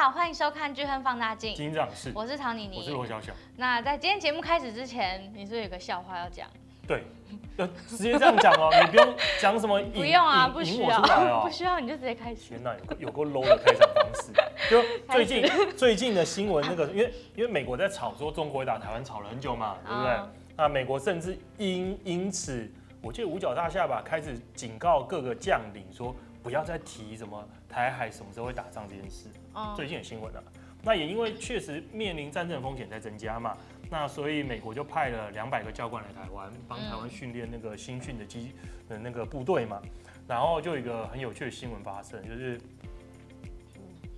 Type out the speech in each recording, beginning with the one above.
好，歡迎收看《巨亨放大鏡巨亨放大鏡》，我是唐尼尼，我是羅小小。那在今天節目開始之前，你是有個笑話要講？對，就直接這樣講哦，你不用講什麼 不用啊，不需要、引我出來哦，不需要，你就直接開始。天哪，有有夠 low 的開場方式， 就最近最近的新聞那個，因為因為美國在炒說中國打台灣，炒了很久嘛，對不對？啊、那美國甚至因因此，我記得五角大廈吧，開始警告各個將領說。不要再提什麼台海什麼時候會打仗這件事。Oh. 最近有新聞了，啊，那也因為確實面臨戰爭風險在增加嘛，那所以美國就派了兩百個教官來台灣，幫台灣訓練那個新訓的機、Mm-hmm. 的那個部隊嘛。然後就有一個很有趣的新聞發生，就是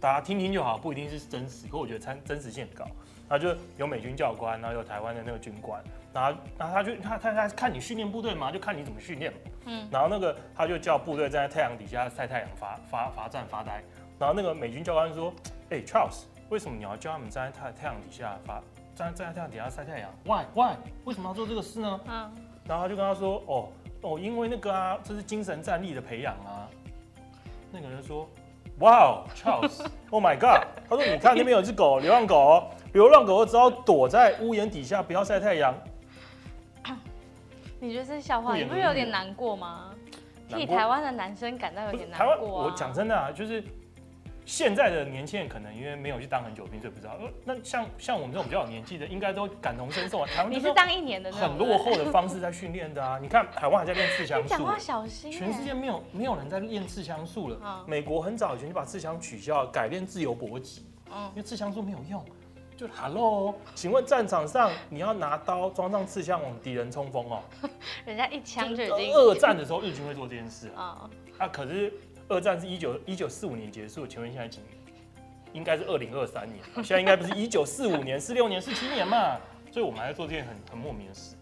大家聽聽就好，不一定是真實，可我覺得參真實性很高。那就有美軍教官，然後有台灣的那個軍官。然後，然後他就他他他看你訓練部隊嘛，就看你怎麼訓練嗯。然後那個他就叫部隊站在太陽底下曬太陽，罰罰罰站罰呆。然後那個美軍教官說：“哎、欸、，Charles，為什麼你要叫他們站在太太陽底下罰站？站在太陽底下曬太陽？Why why？為什麼要做這個事呢？”啊、嗯。然後他就跟他說：“哦哦，因為那個啊，這是精神戰力的培養啊。”那個人說：“Wow，Charles，Oh my God！” 他說：“你看那邊有只狗， 流浪狗，流浪狗只要躲在屋檐底下，不要曬太陽。”你覺得是笑話？你不是有點難過嗎？難過。替台灣的男生感到有點難過、啊。台我講真的啊，就是現在的年輕人可能因為沒有去當很久兵，所以不知道。那像像我們這種比較有年紀的，應該都感同身受啊。台灣就、啊、 你是當一年的，很落後的方式在訓練的啊。 你看台灣還在練刺槍術，你講話小心、欸。全世界沒有沒有人在練刺槍術了。美國很早以前就把刺槍取消了，改練自由搏擊，因為刺槍術沒有用。Hello，請問戰場上你要拿刀裝上刺槍往敵人衝鋒哦？人家一槍就已經。二戰的時候日軍會做這件事啊？那、oh. 啊、可是二戰是一九一九四五年結束，請問現在幾年？應該是二零二三年，現在應該不是一九四五年、四六年、四七年嘛？ 所以我們還在做這件很很莫名的事。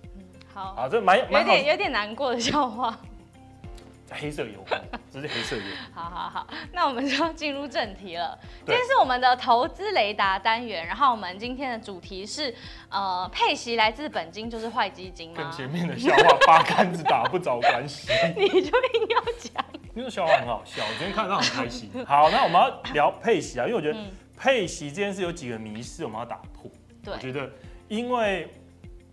好，好這蠻有點有點難過的笑話。黑色油， 這是黑色油。好好好，那我們就要進入正題了。今天是我們的投資雷達單元，然後我們今天的主題是，呃，配息來自本金就是壞基金嗎？跟前面的笑話八竿子打不着關係， 你就硬要講。因為笑話很好笑，我今天看到很開心。好，那我們要聊配息啊，因為我覺得配息這件事有幾個迷思，我們要打破。對，我覺得因為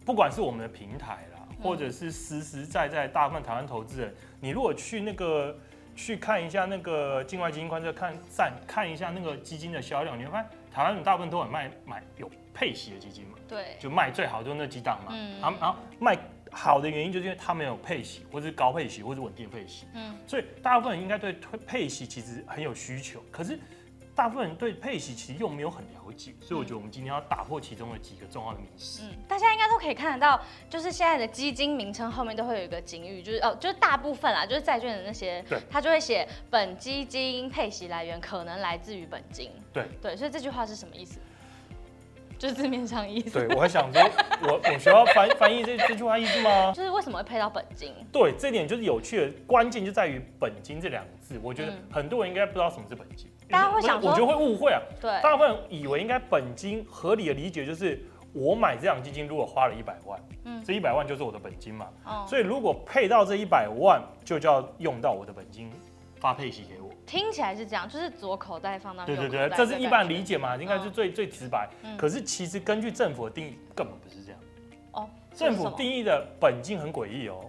不管是我們的平台。或者是實實在在大部分台灣投資人，你如果去那個去看一下那個境外基金觀測站，看看一下那個基金的銷量，你會發現台灣人大部分都很賣買有配息的基金嘛，對，就賣最好就那幾檔嘛，嗯，然後賣好的原因就是因為他們有配息，或者是高配息，或者穩定配息，嗯，所以大部分人應該對配配息其實很有需求，可是。大部分人對配息其實又沒有很了解，嗯，所以我覺得我們今天要打破其中的幾個重要的名詞。嗯，大家應該都可以看得到，就是現在的基金名稱後面都會有一個警語，就是哦，就是大部分啊，就是債券的那些，對，他就會寫本基金配息來源可能來自於本金。對對，所以這句話是什麼意思？就是字面上意思。對，我還想說我，我我們需要翻 翻譯這這句話意思嗎？就是為什麼會配到本金？對，這點就是有趣的關鍵就在於“本金”這兩個字。我覺得很多人應該不知道什麼是本金。大家會想，我覺得會誤會啊。對，大部分以為應該本金合理的理解就是，我買這檔基金如果花了一百萬，嗯，這一百萬就是我的本金嘛。哦。所以如果配到這一百萬，就叫用到我的本金發配息給我。聽起來是這樣，就是左口袋放到右口袋。對對對，這是一般理解嘛，嗯、應該是最、嗯、最直白、嗯。可是其實根據政府的定義，根本不是這樣。哦、這政府定義的本金很詭異哦，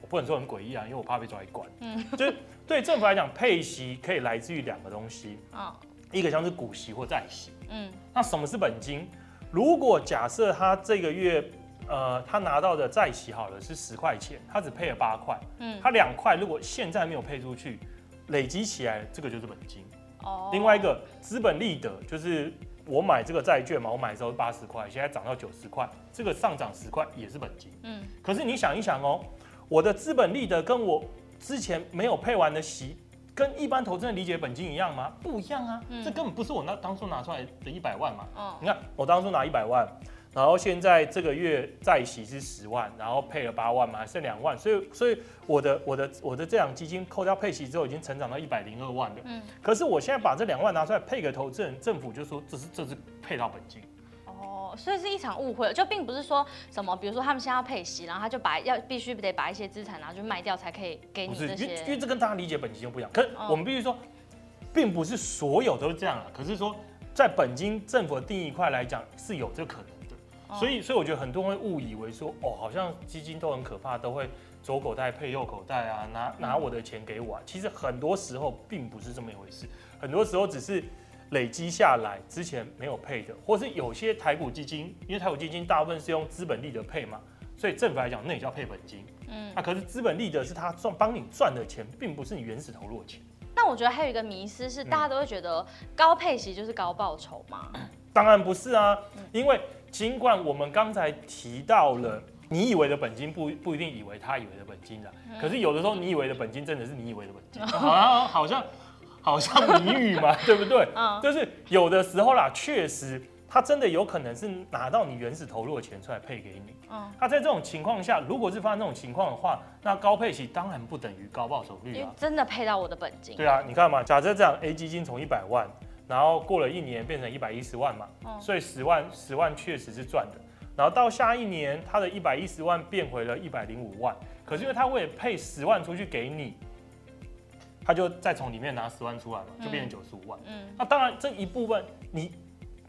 我不能說很詭異啊，因為我怕被抓去關。嗯。就對政府來講，配息可以來自於兩個東西啊，oh. 一個像是股息或債息。嗯，那什麼是本金？如果假設他這個月，呃，他拿到的債息好了是十塊錢，他只配了八塊，嗯，他兩塊如果現在沒有配出去，累積起來這個就是本金。哦、oh.，另外一個資本利得，就是我買這個債券嘛，我買的時候是八十塊，現在漲到九十塊，這個上漲十塊也是本金。嗯，可是你想一想哦，我的資本利得跟我之前沒有配完的息，跟一般投資人理解本金一樣嗎？不一樣啊，嗯、這根本不是我那當初拿出來的一百萬嘛、哦。你看，我當初拿一百萬，然後現在這個月再息是十萬，然後配了八萬嘛，還剩兩萬。所以，所以我的我的我的，我的這兩基金扣掉配息之後，已經成長到一百零二萬了。嗯，可是我現在把這兩萬拿出來配給投資人，政府就說這是這是配到本金。哦，所以是一場誤會了，就並不是說什麼，比如說他們先要配息，然後他就把要必須得把一些資產拿去賣掉才可以給你。因為因為這跟大家理解本金就不一樣。可是我們必須說、哦，並不是所有都是這樣啊。可是說在本金政府的定義塊來講是有這個可能的。哦、所以所以我覺得很多人會誤以為說，哦，好像基金都很可怕，都會左口袋配右口袋啊，拿拿我的錢給我啊、嗯。其實很多時候並不是這麼一回事，很多時候只是。累積下來之前沒有配的，或是有些台股基金，因為台股基金大部分是用資本利得配嘛，所以政府來講那也叫配本金。嗯，啊，可是資本利得是他賺幫你賺的錢，並不是你原始投入的錢。那我覺得還有一個迷思是，大家都會覺得高配息就是高報酬嘛？嗯，當然不是啊，因為儘管我們剛才提到了你以為的本金不不一定以為他以為的本金了，可是有的時候你以為的本金真的是你以為的本金 啊，好像。好像謎語嘛， 對不對、嗯？就是有的時候啦，確實他真的有可能是拿到你原始投入的錢出來配給你。嗯、他那在這種情況下，如果是發生這種情況的話，那高配息當然不等於高報酬率了、啊。你真的配到我的本金、啊？對啊，你看嘛，假設這樣，A 基金從一百萬，然後過了一年變成一百一十萬嘛，嗯、所以十萬十萬確實是賺的。然後到下一年，他的一百一十萬變回了一百零五萬，可是因為他會配十萬出去給你。他就再從裡面拿十萬出來嘛，就變成九十五萬。嗯，那當然這一部分，你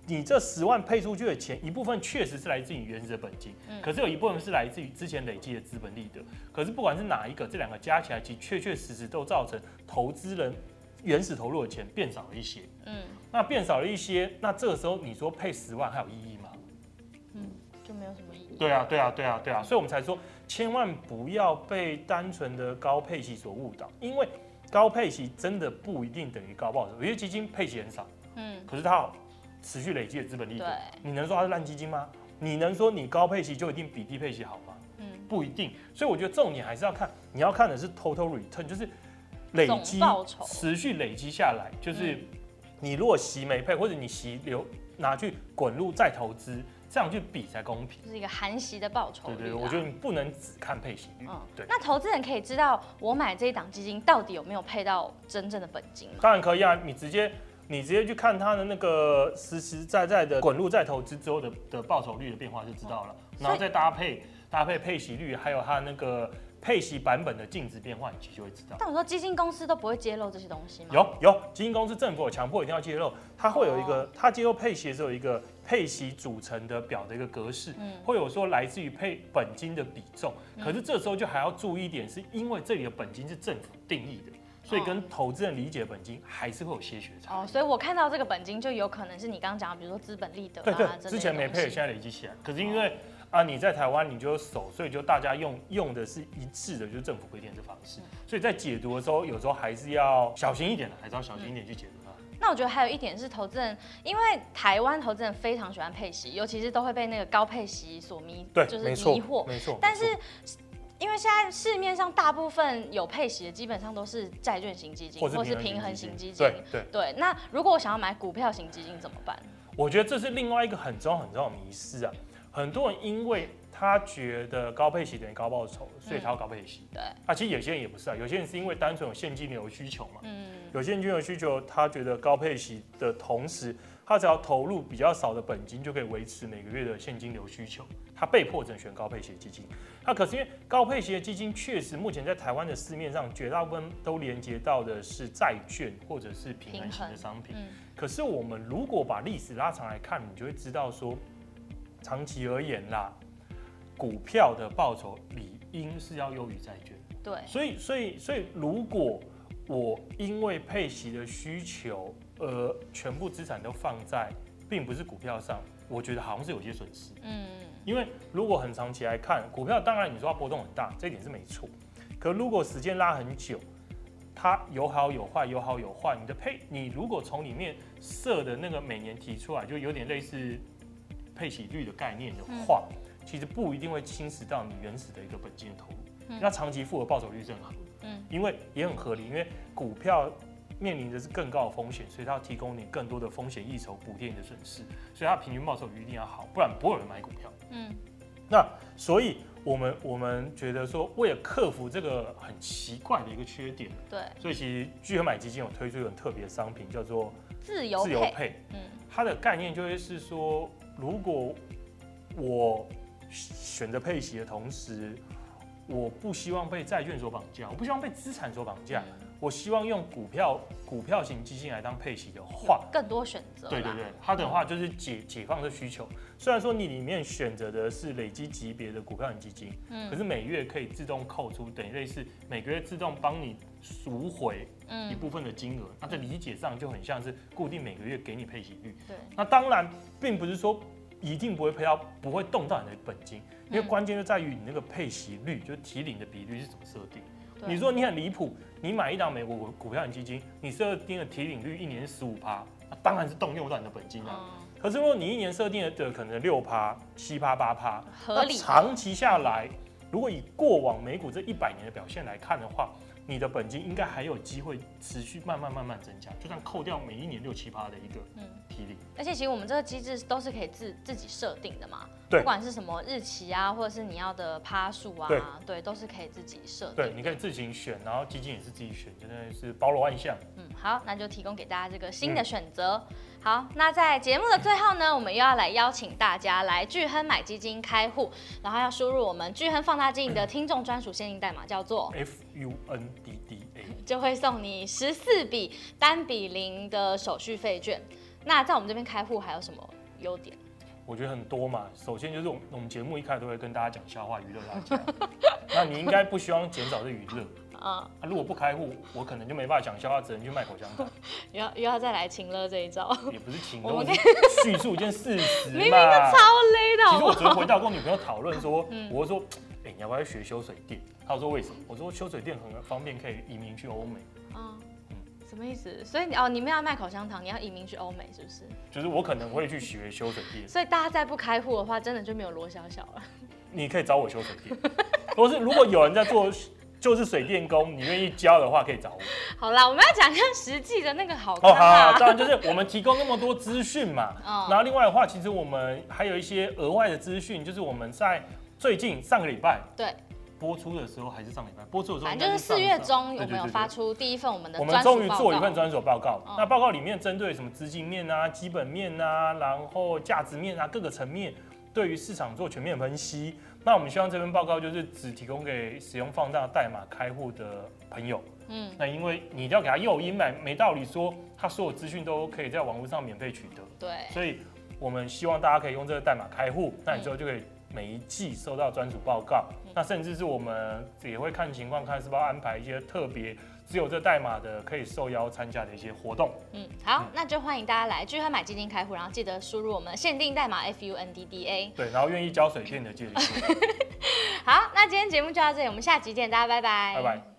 你這十萬配出去的錢，一部分確實是來自於原始的本金，嗯，可是有一部分是來自於之前累積的資本利得。可是不管是哪一個，這兩個加起來，其確確實實都造成投資人原始投入的錢變少了一些。嗯，那變少了一些，那這個時候你說配十萬還有意義嗎？嗯，就沒有什麼意義啊。對啊，對啊，對啊，對啊，所以我們才說千萬不要被單純的高配息所誤導，因為。高配息真的不一定等於高報酬，有些基金配息很少，嗯，可是它有持續累積的資本利得，對，你能說它是爛基金嗎？你能說你高配息就一定比低配息好嗎？嗯，不一定。所以我覺得這種你還是要看，你要看的是 total return，就是累積、持續累積下來，就是你如果息沒配，或者你息留拿去滾入再投資。這樣去比才公平，這是一個含息的報酬，對對對、啊，我覺得你不能只看配息率，嗯。對。嗯、那投資人可以知道我買這一檔基金到底有沒有配到真正的本金？當然可以啊，你直接你直接去看它的那個實實在在的滾入再投資之後的的報酬率的變化就知道了，哦、然後再搭配搭配配息率，還有它那個。配息版本的淨值變化，你其實就會知道。但我說，基金公司都不會揭露這些東西嗎？有有，基金公司政府有強迫一定要揭露，它會有一個，哦、它揭露配息的時候有一個配息組成的表的一個格式，嗯、會有說來自於配本金的比重、嗯。可是這時候就還要注意一點，是因為這裡的本金是政府定義的，嗯、所以跟投資人理解的本金還是會有些許差。哦，所以我看到這個本金就有可能是你剛剛講，比如說資本利得對,對,對之前沒配，現在累積起來。可是因為、哦啊，你在台灣你就守，所以就大家用用的是一致的，就是政府規定的方式。所以在解讀的時候，有時候還是要小心一點的，還是要小心一點去解讀它。嗯、那我覺得還有一點是投資人，因為台灣投資人非常喜歡配息，尤其是都會被那個高配息所迷，對，就是迷惑。沒錯，但是因為現在市面上大部分有配息的，基本上都是債券型基金，或是平衡型基金或是平衡型基金。對對，對。那如果我想要買股票型基金怎麼辦？我覺得這是另外一個很重要很重要的迷思啊。很多人因為他覺得高配息等於高報酬，所以他要高配息。嗯、對、啊，其實有些人也不是啊，有些人是因為單純有現金流需求嘛。嗯。有現金流需求，他覺得高配息的同時，他只要投入比較少的本金就可以維持每個月的現金流需求，他被迫整選高配息的基金。那、啊、可是因為高配息的基金確實目前在台灣的市面上，絕大部分都連接到的是債券或者是平衡型的商品。平衡、嗯、可是我們如果把歷史拉長來看，你就會知道說，長期而言啦，股票的報酬理應是要優於債券。對，所以所以所以，所以如果我因為配息的需求而全部資產都放在，並不是股票上，我覺得好像是有些損失。嗯，因為如果很長期來看，股票當然你說它波動很大，這點是沒錯。可如果時間拉很久，它有好有壞，有好有壞。你的配，你如果從裡面設的那個每年提出來，就有點類似。配息率的概念的話、嗯，其實不一定會侵蝕到你原始的一個本金的投入、嗯。那長期複合報酬率正好，嗯，因為也很合理，因為股票面臨的是更高的風險，所以它要提供你更多的風險溢酬補貼你的損失，所以它平均報酬一定要好，不然不會有人買股票。嗯，那所以我們我們覺得說，為了克服這個很奇怪的一個缺點，對、嗯，所以其實鉅亨買基金有推出一種特別的商品，叫做自由自由配。嗯，它的概念就是說。如果我選擇配息的同時，我不希望被債券所綁架，我不希望被資產所綁架，嗯，我希望用股票股票型基金來當配息的話，更多選擇。對對對，它的話就是解解放的需求。雖然說你裡面選擇的是累積級別的股票型基金，嗯，可是每月可以自動扣除，等於類似每個月自動幫你贖回。嗯、一部分的金額，那、啊、在理解上就很像是固定每個月給你配息率。對。那當然並不是說一定不會配到，不會動到你的本金，嗯、因為關鍵就在於你那個配息率，就是提領的比率是怎麼設定。你說你很離譜，你買一檔美股股票的基金，你設定的提領率一年十五趴，那、啊、當然是動用到你的本金啊。嗯、可是如果你一年設定的可能六趴、七趴、八趴，合理。長期下來，如果以過往美股這一百年的表現來看的話。你的本金應該還有機會持續慢慢慢慢增加，就算扣掉每一年六七趴的一個提領，嗯、而且，其實我們這個機制都是可以自自己設定的嘛，對，不管是什麼日期啊，或者是你要的趴數啊，對，對，都是可以自己設定。對，你可以自行選，然後基金也是自己選，真的是包羅萬象。嗯，好，那就提供給大家這個新的選擇。嗯好，那在節目的最後呢，我們又要來邀請大家來鉅亨買基金開戶，然後要輸入我們鉅亨放大鏡的聽眾專屬限定代碼，嗯，叫做 F U N D D A，就會送你十四筆單筆零的手續費券。那在我們這邊開戶還有什麼優點？我覺得很多嘛，首先就是我們節目一開始都會跟大家講笑話娛樂大家， 那你應該不希望減少這娛樂。Uh, 啊，如果不開戶，我可能就沒辦法講笑話，只能去賣口香糖。又要又要再來情勒這一招，也不是情勒，我今天敘述一件事實明明就超累的好不好。其實我昨天回到跟我女朋友討論說，嗯、我說，哎、欸，你要不要去學修水電？她說為什麼？我說修水電很方便，可以移民去歐美。啊、uh,，嗯，什麼意思？所以你哦，你們要賣口香糖，你要移民去歐美是不是？就是我可能會去學修水電。 所以大家再不開戶的話，真的就沒有羅小小了。你可以找我修水電，不 是如果有人在做。就是水電工，你願意教的話可以找我。 好了，我們要講講實際的那個好處、啊。啦、哦。當然就是我們提供那麼多資訊嘛、 嗯。然後另外的話，其實我們還有一些額外的資訊，就是我們在最近上個禮拜對播出的時候，還是上禮拜播出的時候、啊，反、啊、正就是四月中，有沒有發出第一份我們的專屬報告。對對對對。我們終於做一份專屬報告、嗯。那報告裡面針對什麼資金面啊、基本面啊、然後價值面啊各個層面，對於市場做全面分析。那我們希望這份報告就是只提供給使用放大代碼開戶的朋友，嗯，那因為你一定要給他誘因嘛，沒道理說他所有資訊都可以在網絡上免費取得，對，所以我們希望大家可以用這個代碼開戶，那你之後就可以每一季收到專屬報告，嗯，那甚至是我們也會看情況看是不是要安排一些特別。只有這代碼的可以受邀參加的一些活動。嗯，好，嗯、那就歡迎大家來鉅亨買基金開戶，然後記得輸入我們限定代碼 FUNDDA。對，然後願意交水電的記得。 好，那今天節目就到這裡，我們下集見，大家拜拜。拜拜。